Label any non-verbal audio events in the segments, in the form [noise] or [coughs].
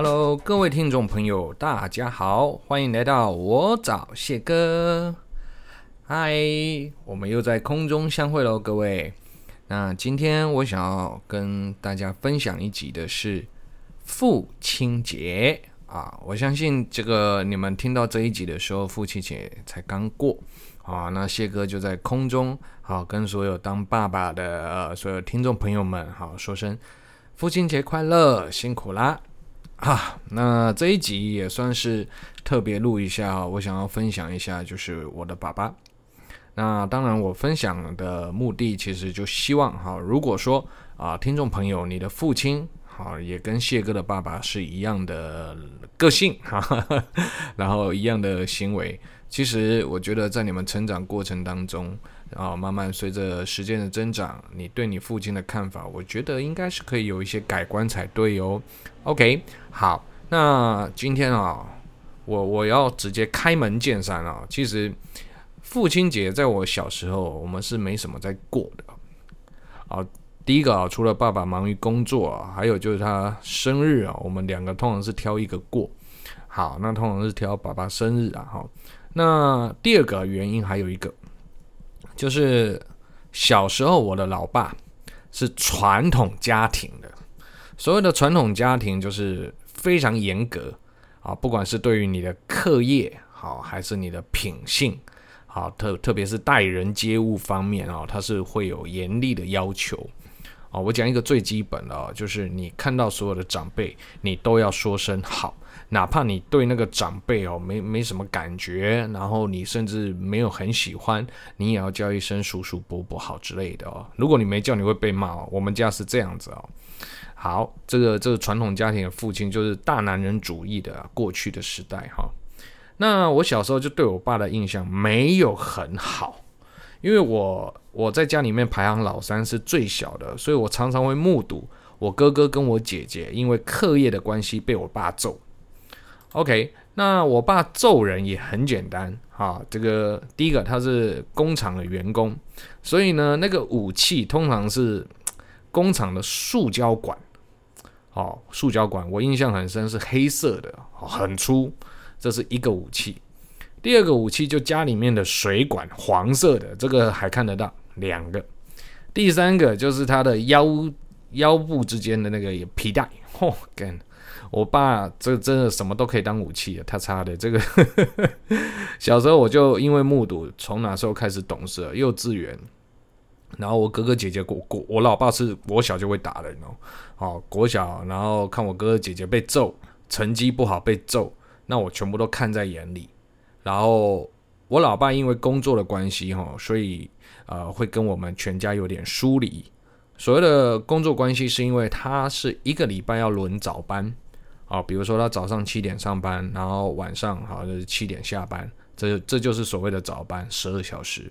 Hello，各位聽眾朋友，大家好，歡迎來到我找謝哥。嗨，我們又在空中相會嘍，各位。那今天我想要跟大家分享一集的是父親節啊。我相信這個你們聽到這一集的時候，父親節才剛過啊。那謝哥就在空中啊，跟所有當爸爸的呃所有聽眾朋友們好、啊、說聲父親節快樂，辛苦啦。啊，那這一集也算是特別錄一下哈，我想要分享一下，就是我的爸爸。那當然，我分享的目的其實就希望哈，如果說啊，聽眾朋友，你的父親。啊，也跟謝哥的爸爸是一樣的個性哈哈，然後一樣的行為。其實我覺得在你們成長過程當中，然後啊慢慢隨着時間的增長，你對你父親的看法，我覺得應該是可以有一些改觀才對哦。OK，好，那今天啊，我我要直接開門見山了啊。其實父親節在我小時候，我們是沒什麼在過的啊。第一個啊，除了爸爸忙於工作啊，還有就是他生日啊，我們兩個通常是挑一個過。好，那通常是挑爸爸生日啊。好，那第二個原因還有一個，就是小時候我的老爸是傳統家庭的。所謂的傳統家庭就是非常嚴格啊，不管是對於你的課業好，還是你的品性好，特特別是待人接物方面啊，哦，他是會有嚴厲的要求。哦，我講一個最基本的哦，就是你看到所有的長輩，你都要說聲好，哪怕你對那個長輩哦，沒沒什麼感覺，然後你甚至沒有很喜歡，你也要叫一聲叔叔伯伯好之類的哦。如果你沒叫，你會被罵。哦，我們家是這樣子哦。好，這個這個傳統家庭的父親就是大男人主義的過去的時代哈哦。那我小時候就對我爸的印象沒有很好。因為我我在家裡面排行老三是最小的，所以我常常會目睹我哥哥跟我姐姐因為課業的關係被我爸揍。OK，那我爸揍人也很簡單啊，這個第一個他是工廠的員工，所以呢那個武器通常是工廠的塑膠管，哦，啊，塑膠管我印象很深是黑色的，啊，很粗，這是一個武器。第二個武器就家裡面的水管，黃色的這個還看得到兩個。第三個就是他的腰腰部之間的那個皮帶。哦幹，我爸這真的什麼都可以當武器的、啊。他擦的這個呵呵，小時候我就因為目睹，從哪時候開始懂事了？幼稚園？然後我哥哥姐姐國我，我老爸是國小就會打人哦。哦，國小，然後看我哥哥姐姐被揍，成績不好被揍，那我全部都看在眼裡。然後我老爸因為工作的關係哈、哦，所以呃會跟我們全家有點疏離。所謂的工作關係是因為他是一個禮拜要輪早班啊、哦，比如說他早上七點上班，然後晚上好像，就是七點下班，這這就是所謂的早班十二小時。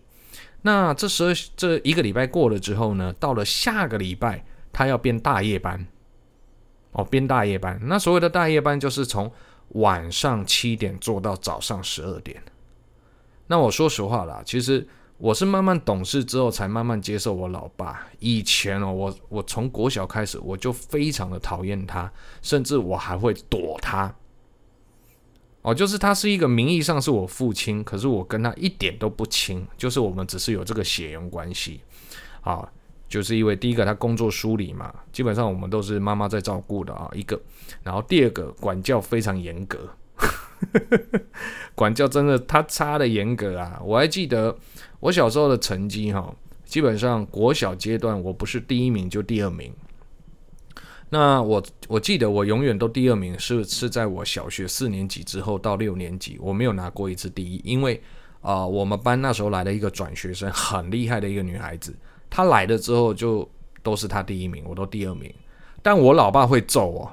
那這十二這一個禮拜過了之後呢，到了下個禮拜他要變大夜班哦，變大夜班。那所謂的大夜班就是從晚上七點做到早上十二點，那我說實話啦，其實我是慢慢懂事之後才慢慢接受我老爸。以前哦，我我從國小開始我就非常的討厭他，甚至我還會躲他。哦，就是他是一個名義上是我父親，可是我跟他一點都不親，就是我們只是有這個血緣關係，啊。就是因為第一個，他工作梳理嘛，基本上我們都是媽媽在照顧的啊。一個，然後第二個，管教非常嚴格， [laughs] 管教真的他差的嚴格啊。我還記得我小時候的成績哈、啊，基本上國小階段我不是第一名就第二名。那我我記得我永遠都第二名，是是在我小學四年級之後到六年級，我沒有拿過一次第一，因為啊、呃，我們班那時候來了一個轉學生，很厲害的一個女孩子。他來了之後就都是他第一名，我都第二名。但我老爸會揍哦，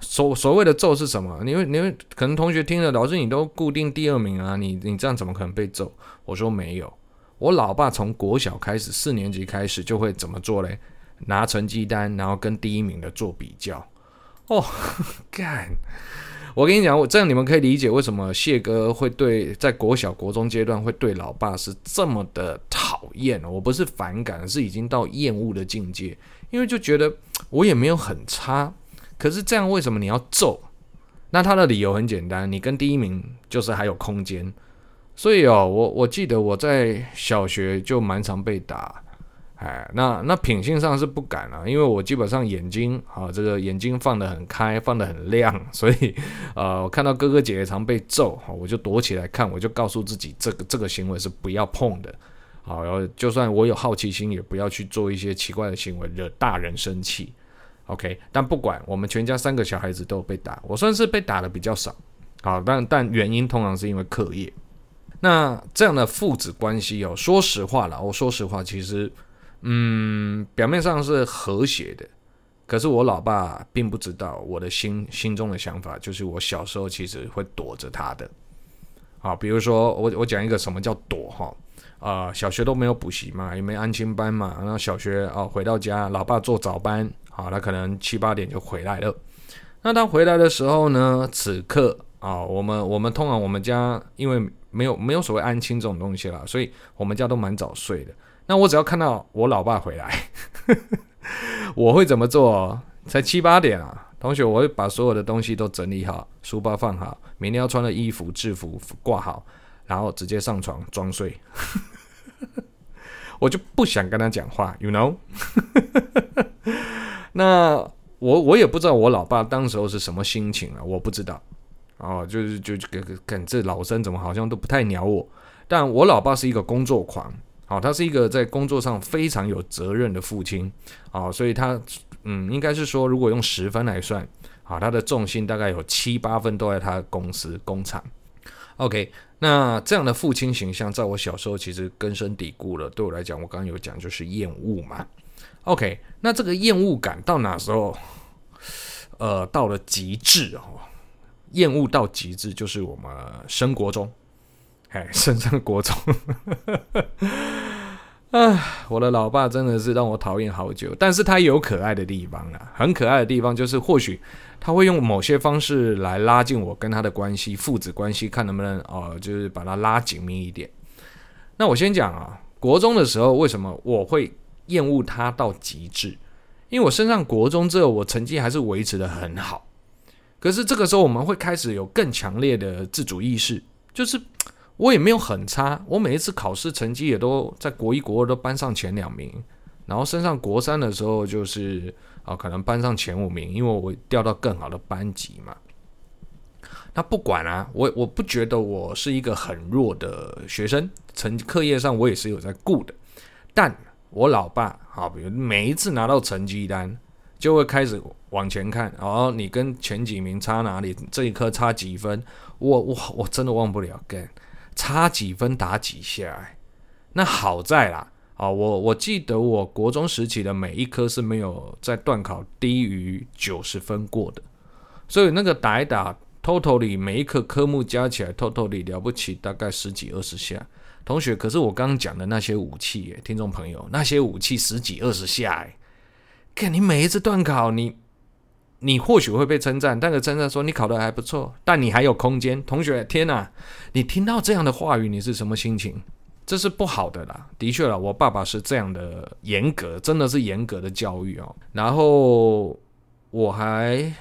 所所謂的揍是什麼？因為因為可能同學聽了，老師你都固定第二名啊，你你這樣怎麼可能被揍？我說沒有。我老爸從國小開始，四年級開始就會怎麼做嘞？拿成績單，然後跟第一名的做比較。哦，呵呵，幹！我跟你講，我這樣你們，可以理解為什麼謝哥會對在國小、國中階段會對老爸是這麼的討厭，我不是反感，是已經到厭惡的境界，因為就覺得我也沒有很差，可是這樣為什麼你要揍？那他的理由很簡單，你跟第一名就是還有空間，所以哦，我我記得我在小學就蠻常被打。哎，那那品性上是不敢啊，因為我基本上眼睛啊，這個眼睛放得很開，放得很亮，所以呃，我看到哥哥姐姐常被揍，哈、啊，我就躲起來看，我就告訴自己，這個這個行為是不要碰的，好、啊，然後就算我有好奇心，也不要去做一些奇怪的行為，惹大人生氣，OK。但不管我們全家三個小孩子都有被打，我算是被打的比較少，好、啊，但但原因通常是因為課業。那這樣的父子關係哦，說實話啦，我、哦、說實話，其實。嗯，表面上是和諧的，可是我老爸並不知道我的心心中的想法，就是我小時候其實會躲着他的。啊，比如說我我講一個什麼叫躲哈，啊、哦呃，小學都沒有補習嘛，也沒安親班嘛，然後小學啊、哦、回到家，老爸做早班，啊，那可能七八點就回來了。那他回來的時候呢，此刻啊、哦，我們我們通常我們家因為沒有沒有所謂安親這種東西啦，所以我們家都蠻早睡的。那我只要看到我老爸回來， [laughs] 我會怎麼做？才七八點啊，同學，我會把所有的東西都整理好，書包放好，明天要穿的衣服制服掛好，然後直接上床裝睡。 [laughs] 我就不想跟他講話，you know？ [laughs] 那我我也不知道我老爸當時候是什麼心情啊，我不知道。哦，就是就跟，跟這老生怎麼好像都不太鳥我？但我老爸是一個工作狂。好、哦，他是一個在工作上非常有責任的父親，好、哦，所以他，嗯，應該是說，如果用十分來算，好、哦，他的重心大概有七八分都在他的公司工廠。OK，那這樣的父親形象，在我小時候其實根深蒂固了。對我來講，我剛剛有講就是厭惡嘛。OK，那這個厭惡感到哪時候？呃，到了極致哦，厭惡到極致就是我們生活中。哎，升、hey, 上國中， [laughs] 啊，我的老爸真的是讓我討厭好久，但是他也有可愛的地方啊，很可愛的地方就是或許他會用某些方式來拉近我跟他的關係，父子關係，看能不能哦、呃，就是把他拉緊密一點。那我先講啊，國中的時候為什麼我會厭惡他到極致？因為我升上國中之後，我成績還是維持得很好，可是這個時候我們會開始有更強烈的自主意識，就是。我也沒有很差，我每一次考試成績也都在國一、國二都班上前兩名，然後升上國三的時候就是啊、哦，可能班上前五名，因為我調到更好的班級嘛。那不管啊，我我不覺得我是一個很弱的學生，成績課業上我也是有在顧的。但我老爸啊、哦，比如每一次拿到成績單，就會開始往前看，哦，你跟前幾名差哪裡？你這一科差幾分？我我我真的忘不了，幹。差幾分打幾下，那好在啦，啊、哦，我我記得我國中時期的每一科是沒有在段考低於九十分過的，所以那個打一打，totally 每一科科目加起來，totally 了不起，大概十幾二十下。同學，可是我剛剛講的那些武器，聽眾朋友，那些武器十幾二十下，哎，看你每一次段考你。你或許會被稱讚，但是稱讚說你考得還不錯，但你還有空間。同學，天哪！你聽到這樣的話語，你是什麼心情？這是不好的啦。的確啦，我爸爸是這樣的嚴格，真的是嚴格的教育哦。然後我還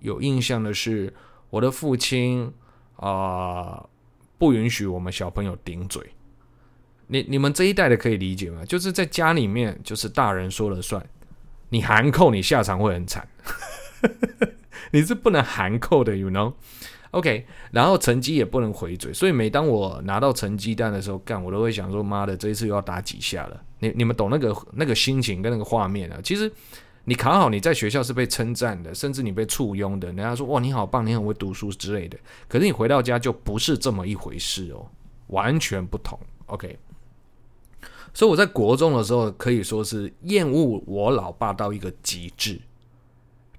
有印象的是，我的父親啊、呃，不允許我們小朋友頂嘴。你你們這一代的可以理解嗎？就是在家裡面，就是大人說了算。你含扣，你下場會很慘。 [laughs] 你是不能含扣的，you know？OK，okay，然後成績也不能回嘴，所以每當我拿到成績單的時候，幹我都會想說：“媽的，這一次又要打幾下了。你”你你們懂那個那個心情跟那個畫面啊？其實你考好，你在學校是被稱讚的，甚至你被簇擁的，人家說：“哇，你好棒，你很會讀書之類的。”可是你回到家就不是這麼一回事哦，完全不同。OK，所以我在國中的時候可以說是厭惡我老爸到一個極致。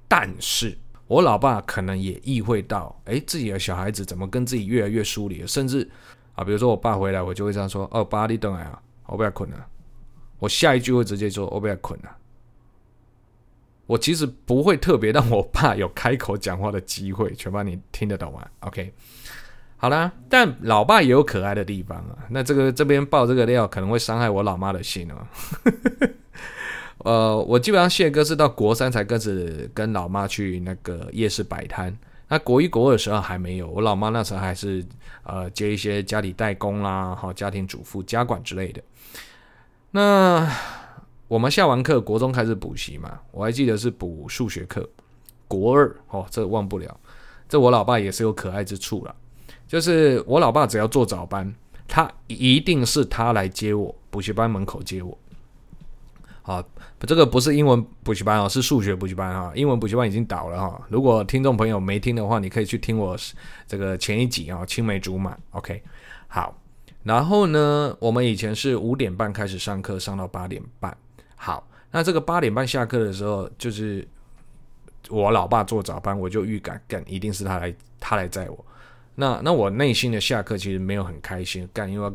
但是，我老爸可能也意會到，誒，自己的小孩子怎麼跟自己越來越疏離了？甚至，啊，比如說我爸回來，我就會這樣說：“哦，爸，你等下啊，我不要困了。”我下一句會直接說：“我不要困了。”我其實不會特別讓我爸有開口講話的機會，全班你聽得懂嗎？OK，好啦。但老爸也有可愛的地方啊。那這個這邊爆這個料可能會傷害我老媽的心哦。 [laughs] 呃，我基本上謝哥是到國三才開始跟老媽去那個夜市擺攤。那國一、國二的時候還沒有，我老媽那時候還是呃接一些家裡代工啦，家庭主婦、家管之類的。那我們下完課，國中開始補習嘛，我還記得是補數學課。國二哦，這忘不了，這我老爸也是有可愛之處啦。就是我老爸只要做早班，他一定是他來接我，補習班門口接我。啊，這個不是英文補習班哦，是數學補習班啊、哦。英文補習班已經倒了哈、哦。如果聽眾朋友沒聽的話，你可以去聽我這個前一集啊、哦，《青梅竹馬》。OK，好。然後呢，我們以前是五點半開始上課，上到八點半。好，那這個八點半下課的時候，就是我老爸做早班，我就預感，幹一定是他來，他來載我。那那我內心的下課其實沒有很開心，幹因為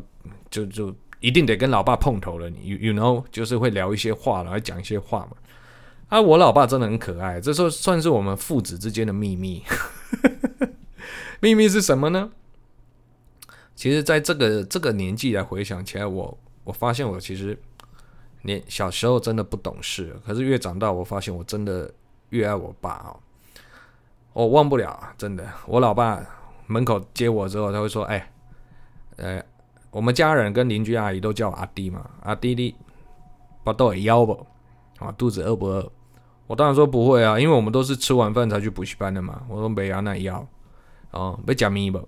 就就。就一定得跟老爸碰頭了，你 you you know 就是會聊一些話，然後講一些話嘛。啊，我老爸真的很可愛，這時候算是我們父子之間的秘密。 [laughs] 秘密是什麼呢？其實，在這個這個年紀來回想起來，我我發現我其實年小時候真的不懂事，可是越長大，我發現我真的越愛我爸啊、哦。我、哦、忘不了，真的，我老爸門口接我之後，他會說：“哎，呃、哎。”我們家人跟鄰居阿姨都叫阿弟嘛，阿弟弟，不豆會要不，啊肚子餓不餓？我當然說不會啊，因為我們都是吃完飯才去補習班的嘛。我說沒、啊、要那要，哦，要吃麵不，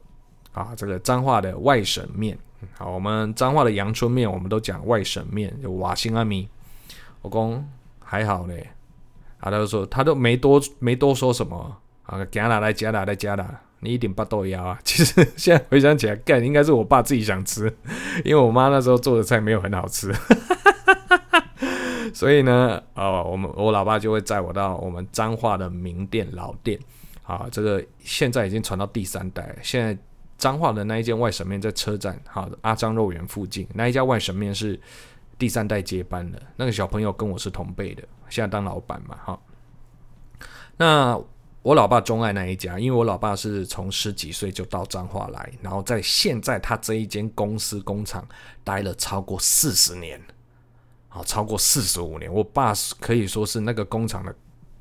啊這個彰化的外省麵，好，我們彰化的陽春麵，我們都講外省麵，就瓦星阿咪，我講還好嘞，啊他就說他都沒多沒多說什麼，啊行哪來吃啦來吃啦。來吃來你一點八豆芽啊。其實現在回想起來，幹應該是我爸自己想吃，因為我媽那時候做的菜沒有很好吃，所以呢，呃，我們我老爸就會載我到我們彰化的名店老店，好，這個現在已經傳到第三代。現在彰化的那一間外省麵在車站，好，阿張肉圓附近那一家外省麵是第三代接班的，那個小朋友跟我是同輩的，現在當老闆嘛，哈。那。我老爸鍾愛那一家，因為我老爸是從十幾歲就到彰化來，然後在現在他這一間公司工廠待了超過四十年，好、哦，超過四十五年。我爸可以說是那個工廠的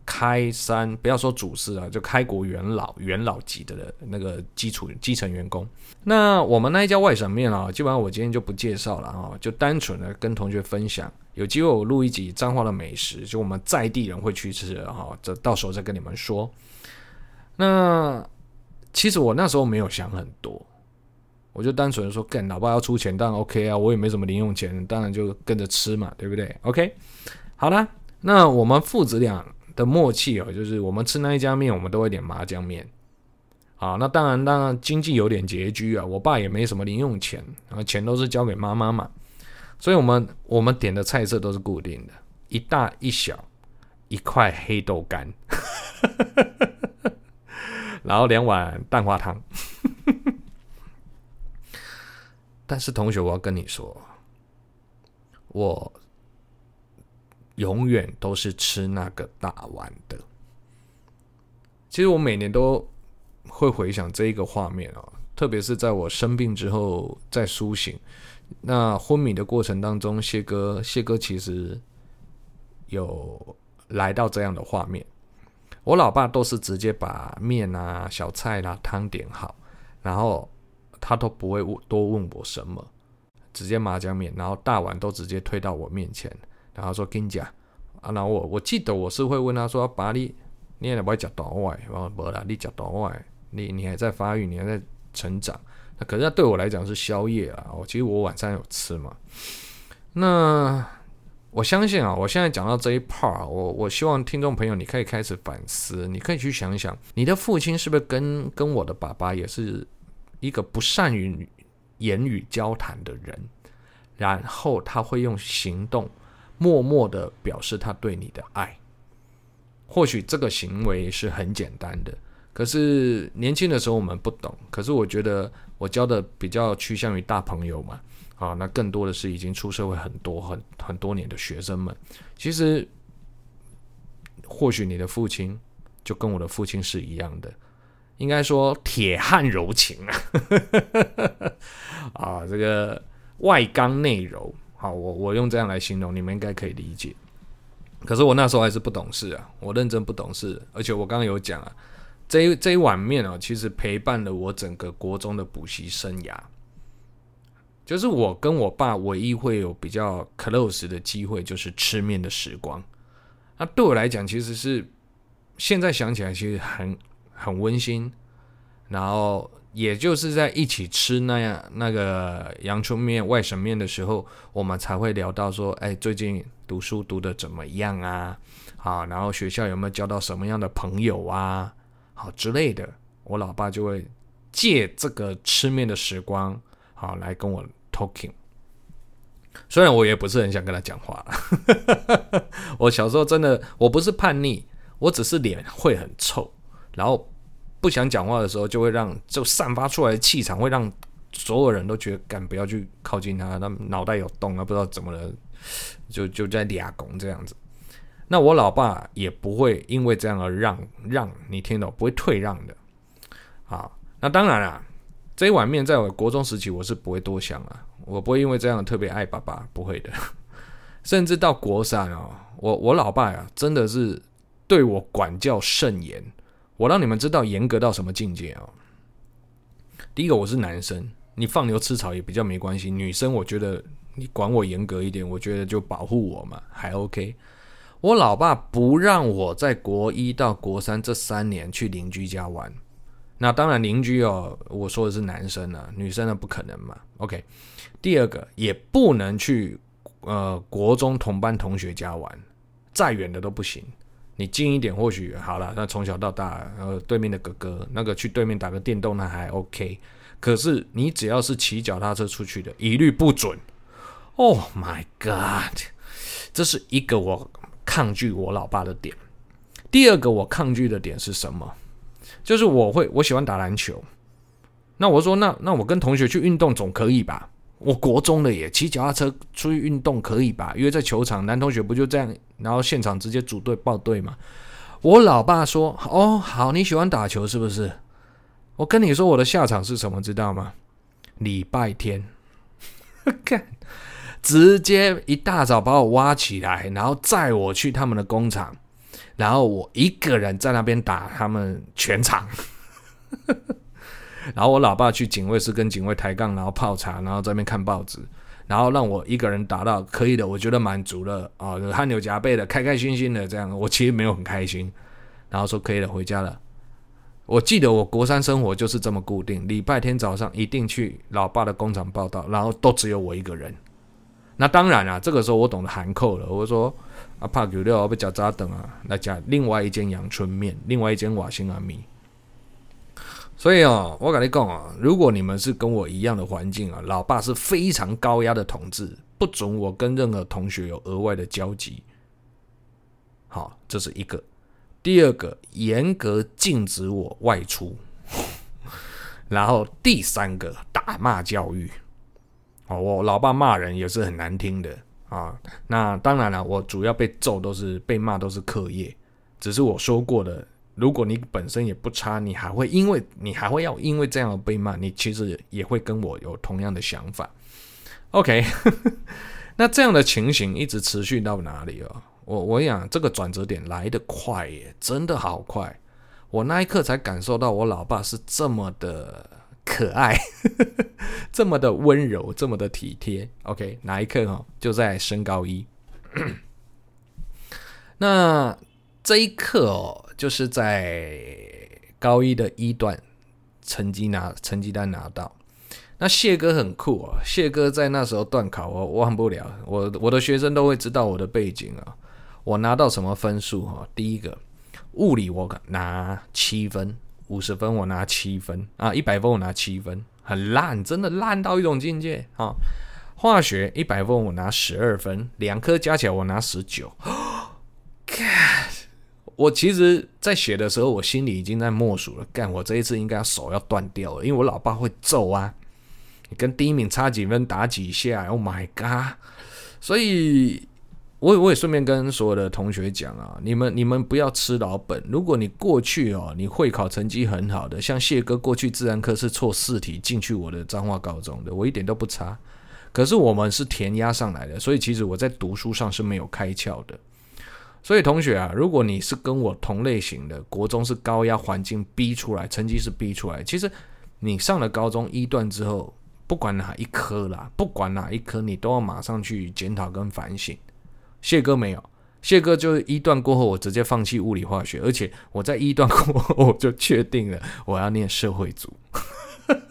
開山，不要說祖師啊，就開國元老、元老級的那個基礎基層員工。那我們那一家外省麵啊、哦，基本上我今天就不介紹了啊、哦，就單純的跟同學分享。有機會我錄一集彰化的美食，就我們在地人會去吃啊，這、哦、到時候再跟你們說。那其實我那時候沒有想很多，我就單純說，幹，老爸要出錢，當然 OK 啊，我也沒什麼零用錢，當然就跟着吃嘛，對不對？OK，好啦，那我們父子倆的默契哦，就是我們吃那一家麵，我們都會點麻醬麵。啊，那當然，當然經濟有點拮据啊，我爸也沒什麼零用錢，然後錢都是交給媽媽嘛，所以我們我們點的菜色都是固定的，一大一小，一塊黑豆乾。 [laughs] 然後兩碗蛋花湯， [laughs] 但是同學，我要跟你說，我永遠都是吃那個大碗的。其實我每年都會回想這一個畫面哦、啊，特別是在我生病之後，在甦醒那昏迷的過程當中，謝哥，謝哥其實有來到這樣的畫面。我老爸都是直接把麵啊、小菜啦、啊、湯點好，然後他都不會問多問我什麼，直接麻醬麵，然後大碗都直接推到我面前，然後說跟你講啊。那我我記得我是會問他說：“爸，你你也別講大碗，我說沒啦，你講大碗，你你還在發育，你還在成長。那可是他對我來講是宵夜啊。我其實我晚上有吃嘛，那。”我相信啊，我現在講到這一 part，我我希望聽眾朋友，你可以開始反思，你可以去想一想，你的父親是不是跟跟我的爸爸也是一個不善於言語交談的人，然後他會用行動默默的表示他對你的愛。或許這個行為是很簡單的，可是年輕的時候我們不懂。可是我覺得我交的比較趨向於大朋友嘛。啊，那更多的是已經出社會很多很、很很多年的學生們。其實，或許你的父親就跟我的父親是一樣的，應該說鐵漢柔情啊， [laughs] 啊，這個外剛內柔。好，我我用這樣來形容，你們應該可以理解。可是我那時候還是不懂事啊，我認真不懂事。而且我剛剛有講啊，這一這一碗麵啊，其實陪伴了我整個國中的補習生涯。就是我跟我爸唯一會有比較 close 的機會，就是吃麵的時光。那對我來講，其實是現在想起來，其實很很溫馨。然後，也就是在一起吃那樣那個陽春麵、外省麵的時候，我們才會聊到說：“哎，最近讀書讀得怎麼樣啊？啊，然後學校有沒有交到什麼樣的朋友啊？好之類的。”我老爸就會借這個吃麵的時光。好，來跟我 talking。雖然我也不是很想跟他講話，呵呵呵，我小時候真的我不是叛逆，我只是臉會很臭，然後不想講話的時候，就會讓就散發出來的氣場會讓所有人都覺得，幹，不要去靠近他，他腦袋有洞啊，不知道怎麼了，就就在倆拱這樣子。那我老爸也不會因為這樣而讓讓你聽到，不會退讓的。好，那當然了啊。這一碗麵在我國中時期，我是不會多想啊，我不會因為這樣特別愛爸爸，不會的。甚至到國三啊、哦，我我老爸啊，真的是對我管教甚嚴。我讓你們知道嚴格到什麼境界哦。第一個，我是男生，你放牛吃草也比較沒關係。女生，我覺得你管我嚴格一點，我覺得就保護我嘛，還 OK。我老爸不讓我在國一到國三這三年去鄰居家玩。那當然，鄰居哦，我說的是男生啊，女生那不可能嘛。OK，第二個也不能去，呃，國中同班同學家玩，再遠的都不行。你近一點或許好了。那從小到大，呃，對面的哥哥那個去對面打個電動那還 OK，可是你只要是騎腳踏車出去的，一律不准。Oh my god，這是一個我抗拒我老爸的點。第二個我抗拒的點是什麼？就是我會，我喜歡打籃球。那我說，那那我跟同學去運動總可以吧？我國中的也騎腳踏車出去運動可以吧？因為在球場，男同學不就這樣，然後現場直接組隊報隊嘛。我老爸說：“哦，好，你喜歡打球是不是？”我跟你說我的下場是什麼，知道嗎？禮拜天，看， [laughs] 直接一大早把我挖起來，然後載我去他們的工廠。然後我一個人在那邊打他們全場， [laughs] 然後我老爸去警衛室跟警衛抬槓，然後泡茶，然後在那邊看報紙，然後讓我一個人打到可以的，我覺得滿足了啊，汗流浹背的，開開心心的這樣，我其實沒有很開心。然後說可以了，回家了。我記得我國三生活就是這麼固定，禮拜天早上一定去老爸的工廠報到，然後都只有我一個人。那當然啊，這個時候我懂得含扣了，我說。阿怕丟掉，不叫渣等啊？那叫、啊、另外一間陽春麵，另外一間瓦星阿、啊、米。所以哦，我跟你講啊，如果你們是跟我一樣的環境啊，老爸是非常高壓的統治，不准我跟任何同學有額外的交集。好、哦，這是一個；第二個，嚴格禁止我外出； [laughs] 然後第三個，打罵教育。哦，我老爸罵人也是很難聽的。啊，那當然了，我主要被揍都是被罵都是課業，只是我說過的，如果你本身也不差，你還會因為你還會要因為這樣的被罵，你其實也會跟我有同樣的想法。OK， [laughs] 那這樣的情形一直持續到哪裡哦？我我想這個轉折點來得快耶，真的好快，我那一刻才感受到我老爸是這麼的可愛。 [laughs] 這麼的溫柔，這麼的體貼。OK，那一刻哦？就在升高一。 [coughs] 那這一刻哦，就是在高一的一段成績拿成績單拿到。那謝哥很酷哦，謝哥在那時候段考，我忘不了。我我的學生都會知道我的背景啊、哦。我拿到什麼分數哈、哦？第一個物理我拿七分，五十分我拿七分啊，一百分我拿七分。很爛，真的爛到一種境界啊、哦！化學一百分我拿十二分，兩科加起來我拿十九。幹、哦，god, 我其實在寫的時候，我心裡已經在默數了。幹，我這一次應該手要斷掉了，因為我老爸會揍啊！你跟第一名差幾分打幾下？Oh my god！所以。我也我也順便跟所有的同學講啊，你們你們不要吃老本。如果你過去哦，你會考成績很好的，像謝哥過去自然科是錯四題進去我的彰化高中的，我一點都不差。可是我們是填壓上來的，所以其實我在讀書上是沒有開竅的。所以同學啊，如果你是跟我同類型的，國中是高壓環境逼出來，成績是逼出來，其實你上了高中一段之後，不管哪一科啦，不管哪一科，你都要馬上去檢討跟反省。謝哥沒有，謝哥就是一段過後，我直接放棄物理化學，而且我在一段過後我就確定了，我要念社會組。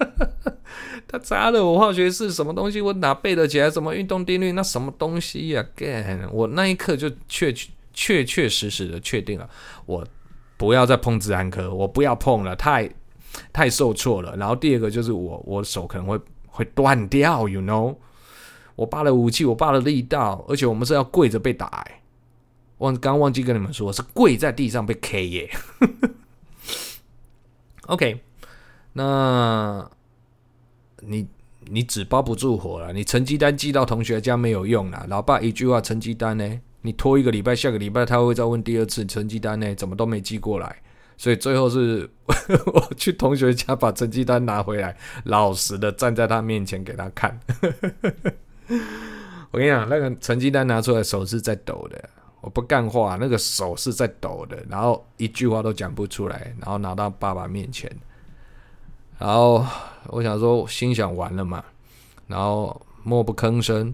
[laughs] 他砸了我化學是什麼東西，我哪背得起來？什麼運動定律，那什麼東西呀、啊、？n 我那一刻就確確確實實的確定了，我不要再碰自然科，我不要碰了，太太受挫了。然後第二個就是我我手可能會會斷掉，you know。我爸的武器，我爸的力道，而且我們是要跪着被打哎、欸，忘剛忘記跟你們說，是跪在地上被 K 耶、欸。 [laughs] OK，那你你紙包不住火了，你成績單寄到同學家沒有用啊！老爸一句話，成績單呢、欸，你拖一個禮拜，下個禮拜他會再問第二次，成績單呢、欸、怎麼都沒寄過來，所以最後是 [laughs] 我去同學家把成績單拿回來，老實的站在他面前給他看。 [laughs] 我跟你講，那個成績單拿出來，手是在抖的。我不幹話，那個手是在抖的，然後一句話都講不出來，然後拿到爸爸面前，然後我想說，心想完了嘛，然後默不吭聲。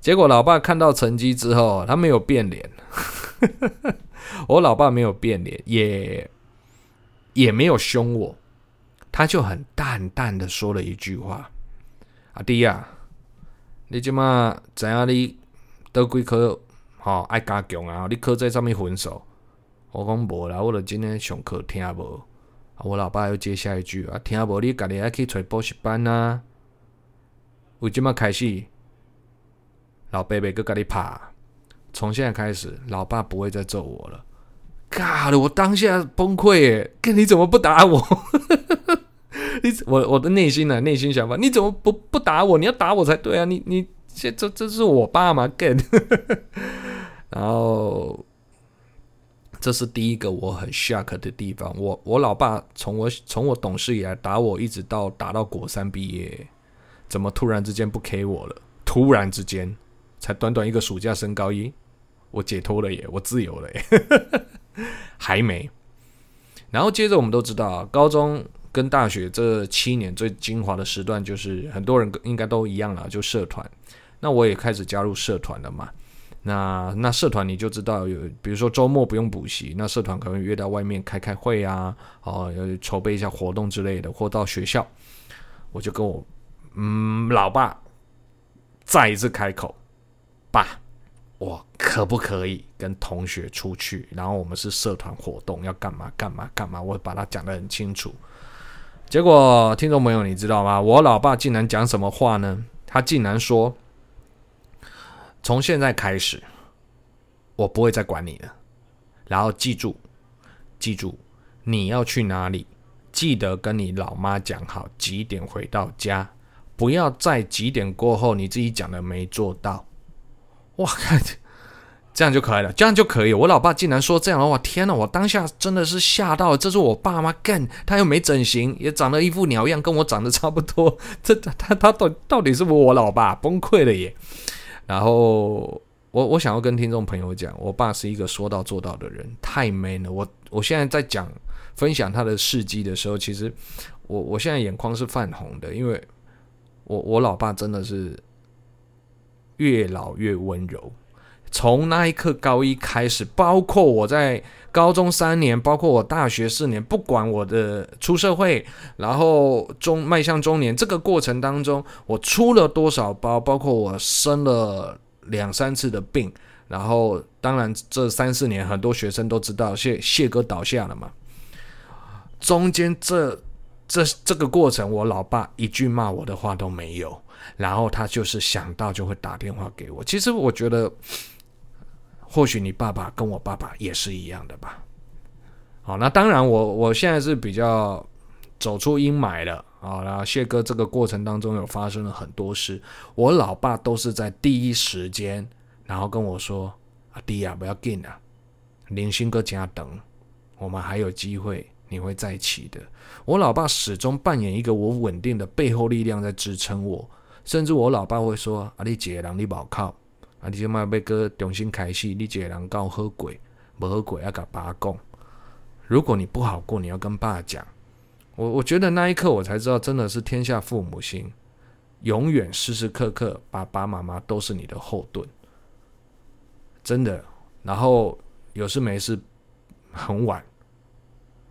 結果老爸看到成績之後，他沒有變臉， [laughs] 我老爸沒有變臉，也也沒有凶我，他就很淡淡的說了一句話：阿弟啊。你即馬知影，你多幾科，吼、哦、愛加強啊！你考在啥物分數？我講無啦，我著真誒上課聽無。我老爸又接下一句啊，聽無你家己要去揣補習班啊？為即馬開始，老爸袂閣甲你拍？從現在開始，老爸不會再揍我了。God，我當下崩潰耶！哥，你怎麼不打我？ [laughs] 你我我的內心呢、啊？內心想法，你怎麼不不打我？你要打我才對啊！你你這這這是我爸嘛幹！Get、 [laughs] 然後這是第一個我很 shock 的地方。我我老爸從我從我懂事以來打我，一直到打到國三畢業，怎麼突然之間不 k 我了？突然之間，才短短一個暑假升高一，我解脫了耶！我自由了耶！ [laughs] 還沒。然後接着我們都知道，高中。跟大學這七年最精華的時段，就是很多人應該都一樣了，就社團。那我也開始加入社團了嘛。那那社團你就知道有，比如說周末不用補習，那社團可能約到外面開開會啊，哦，要籌備一下活動之類的，或到學校。我就跟我嗯老爸再一次開口，爸，我可不可以跟同學出去？然後我們是社團活動，要幹嘛幹嘛幹嘛？我把它講得很清楚。結果，聽眾朋友，你知道嗎？我老爸竟然講什麼話呢？他竟然說：“從現在開始，我不會再管你了。然後記住，記住你要去哪裡，記得跟你老媽講好幾點回到家，不要在幾點過後你自己講的沒做到。哇”哇靠！這樣就可以了，這樣就可以。我老爸竟然說這樣的話，天哪！我當下真的是嚇到了，這是我爸媽幹，他又沒整形，也長得一副鳥樣，跟我長得差不多。這他他到到底是不是我老爸？崩潰了耶！然後我我想要跟聽眾朋友講，我爸是一個說到做到的人，太 man 了。我我現在在講分享他的事蹟的時候，其實我我現在眼眶是泛紅的，因為我我老爸真的是越老越溫柔。從那一刻高一開始，包括我在高中三年，包括我大學四年，不管我的出社會，然後中邁向中年這個過程當中，我出了多少包，包括我生了兩三次的病，然後當然這三四年很多學生都知道，謝謝哥倒下了嘛。中間這這這個過程，我老爸一句罵我的話都沒有，然後他就是想到就會打電話給我。其實我覺得。或許你爸爸跟我爸爸也是一樣的吧。好、哦，那當然我，我我現在是比較走出陰霾了啊、哦。然後謝哥這個過程當中有發生了很多事，我老爸都是在第一時間，然後跟我說：“阿、啊、弟啊，不要緊啊，林星哥家等，我們還有機會，你會在一起的。”我老爸始終扮演一個我穩定的背後力量在支撐我，甚至我老爸會說：“阿弟姐讓你不靠。”啊！你起碼哥要重新開始。你這個人搞好過，不好過要跟爸講。如果你不好過，你要跟爸講。我我覺得那一刻我才知道，真的是天下父母心，永遠時時刻刻，爸爸媽媽都是你的後盾，真的。然後有事沒事，很晚，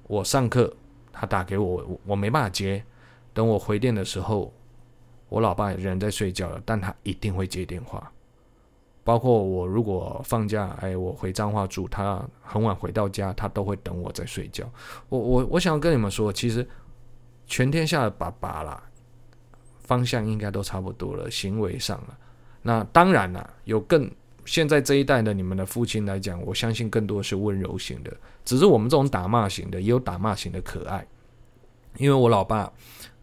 我上課，他打給我，我，我沒辦法接。等我回電的時候，我老爸仍然在睡覺了，但他一定會接電話。包括我如果放假，哎，我回彰化住，他很晚回到家，他都會等我在睡覺。我我我想跟你們說，其實全天下的爸爸啦，方向應該都差不多了，行為上啦。那當然啦，有更現在這一代的你們的父親來講，我相信更多是溫柔型的，只是我們這種打罵型的也有打罵型的可愛。因為我老爸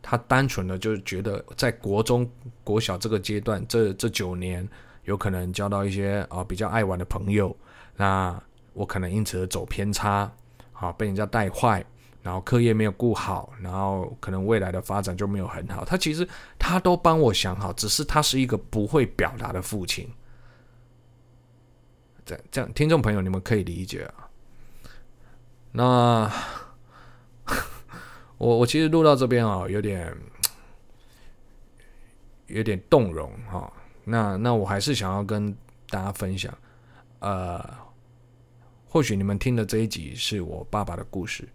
他單純的就是覺得，在國中、國小這個階段，這這九年。有可能交到一些啊比較愛玩的朋友，那我可能因此而走偏差，啊被人家帶壞，然後課業沒有顧好，然後可能未來的發展就沒有很好。他其實他都幫我想好，只是他是一個不會表達的父親。這樣這樣聽眾朋友你們可以理解啊。那我我其實錄到這邊啊，有點有點動容哈。那那我還是想要跟大家分享，呃，或許你們聽的這一集是我爸爸的故事，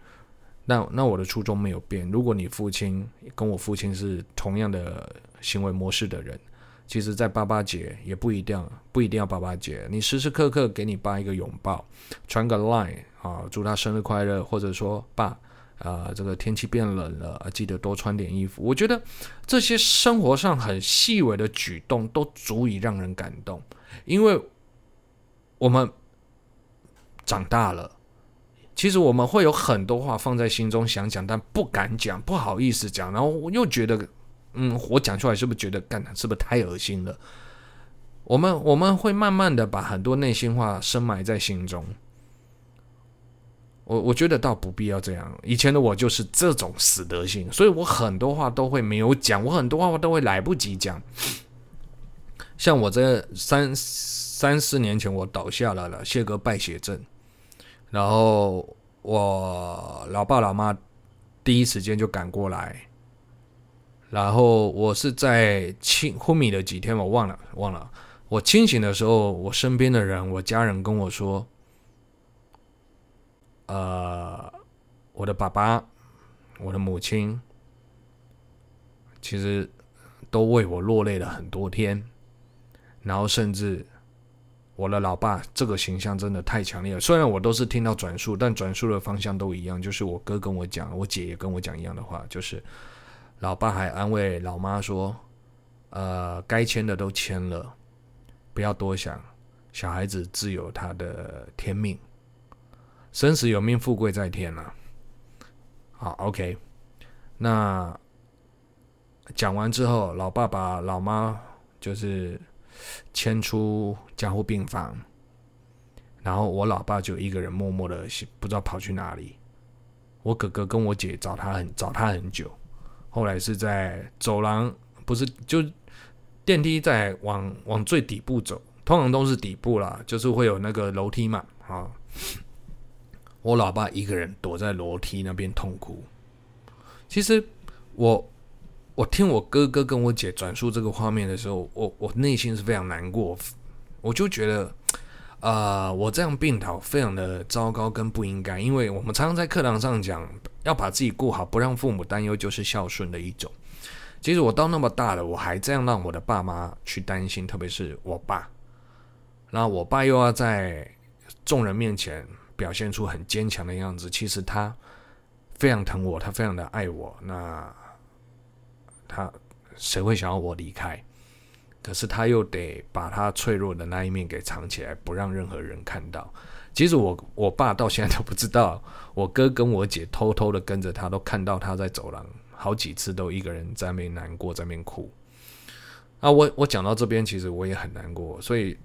那那我的初衷沒有變。如果你父親跟我父親是同樣的行為模式的人，其實，在爸爸節也不一定，不一定要爸爸節，你時時刻刻給你爸一個擁抱，傳個 line 啊，祝他生日快樂，或者說爸。啊，呃，這個天氣變冷了，啊，記得多穿點衣服。我覺得這些生活上很細微的舉動都足以讓人感動，因為我們長大了，其實我們會有很多話放在心中想講，但不敢講，不好意思講，然後又覺得，嗯，我講出來是不是覺得幹，是不是太惡心了？我們我們會慢慢的把很多內心話深埋在心中。我我覺得倒不必要這樣。以前的我就是這種死德性，所以我很多話都會沒有講，我很多話我都會來不及講。像我這三三四年前我倒下來了，謝哥敗血症，然後我老爸老媽第一時間就趕過來，然後我是在清昏迷的幾天，我忘了忘了。我清醒的時候，我身邊的人，我家人跟我說。呃，我的爸爸，我的母親，其實都為我落淚了很多天，然後甚至我的老爸這個形象真的太強烈了。雖然我都是聽到轉述，但轉述的方向都一樣，就是我哥跟我講，我姐也跟我講一樣的話，就是老爸還安慰老媽說：“呃，該簽的都簽了，不要多想，小孩子自有他的天命。”生死有命，富貴在天啊，好，oh，OK。那講完之後，老爸把老媽就是遷出加護病房，然後我老爸就一個人默默的，不知道跑去哪裡。我哥哥跟我姐找他很找他很久，後來是在走廊，不是就電梯在往往最底部走，通常都是底部啦，就是會有那個樓梯嘛，啊、哦。我老爸一個人躲在樓梯那邊痛哭。其實我，我我聽我哥哥跟我姐轉述這個畫面的時候，我我內心是非常難過。我就覺得，啊、呃，我這樣病倒非常的糟糕跟不應該。因為我們常常在課堂上講，要把自己顧好，不讓父母擔憂，就是孝順的一種。其實我到那麼大了，我還這樣讓我的爸媽去擔心，特別是我爸。然後我爸又要在眾人面前。表現出很堅強的樣子，其實他非常疼我，他非常的愛我。那他誰會想要我離開？可是他又得把他脆弱的那一面給藏起來，不讓任何人看到。其實我我爸到現在都不知道，我哥跟我姐偷偷的跟着他，都看到他在走廊好幾次都一個人在那邊難過，在那邊哭。啊，我我講到這邊，其實我也很難過。所以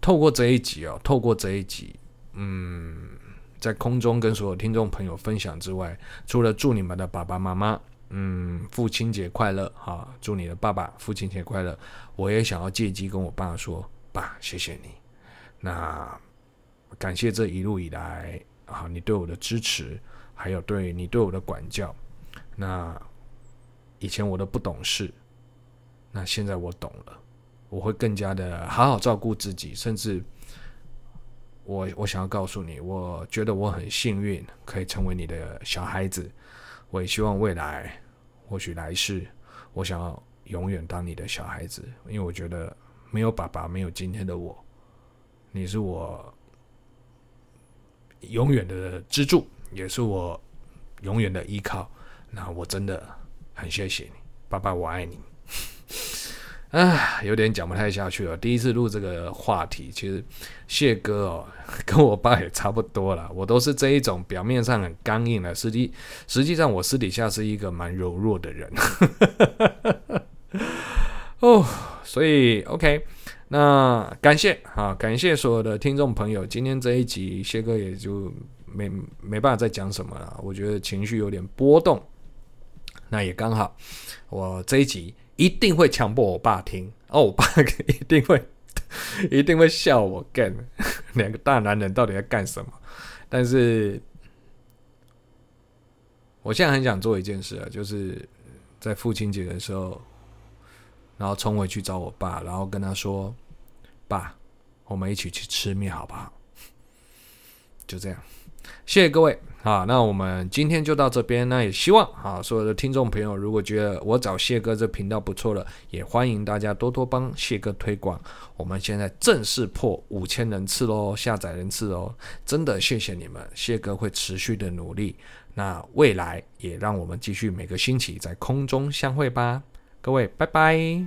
透過這一集啊、哦，透過這一集。嗯，在空中跟所有聽眾朋友分享之外，除了祝你們的爸爸媽媽，嗯，父親節快樂哈，啊！祝你的爸爸父親節快樂。我也想要借機跟我爸說，爸，謝謝你。那感謝這一路以來啊，你對我的支持，還有對你對我的管教。那以前我都不懂事，那現在我懂了，我會更加的好好照顧自己，甚至。我我想要告訴你，我覺得我很幸運，可以成為你的小孩子。我也希望未來，或許來世，我想要永遠當你的小孩子，因為我覺得沒有爸爸，沒有今天的我，你是我永遠的支柱，也是我永遠的依靠。那我真的很謝謝你，爸爸，我愛你。啊，有點講不太下去了。第一次錄這個話題，其實謝哥哦，跟我爸也差不多啦，我都是這一種表面上很剛硬的，實際實際上我私底下是一個蠻柔弱的人。 [laughs] 哦，所以 OK，那感謝啊，感謝所有的聽眾朋友。今天這一集謝哥也就沒沒辦法再講什麼了。我覺得情緒有點波動，那也剛好，我這一集。一定會強迫我爸聽，哦，我爸一定會，一定會笑我幹，兩個大男人到底在幹什麼？但是我現在很想做一件事啊，就是在父親節的時候，然後衝回去找我爸，然後跟他說：“爸，我們一起去吃麵好不好？”就這樣。謝謝各位啊，那我們今天就到這邊，那也希望啊，所有的聽眾朋友，如果覺得我找謝哥這頻道不錯了，也歡迎大家多多幫謝哥推廣。我們現在正式破五千人次咯，下載人次哦，真的謝謝你們，謝哥會持續的努力，那未來也讓我們繼續每個星期在空中相會吧，各位，拜拜。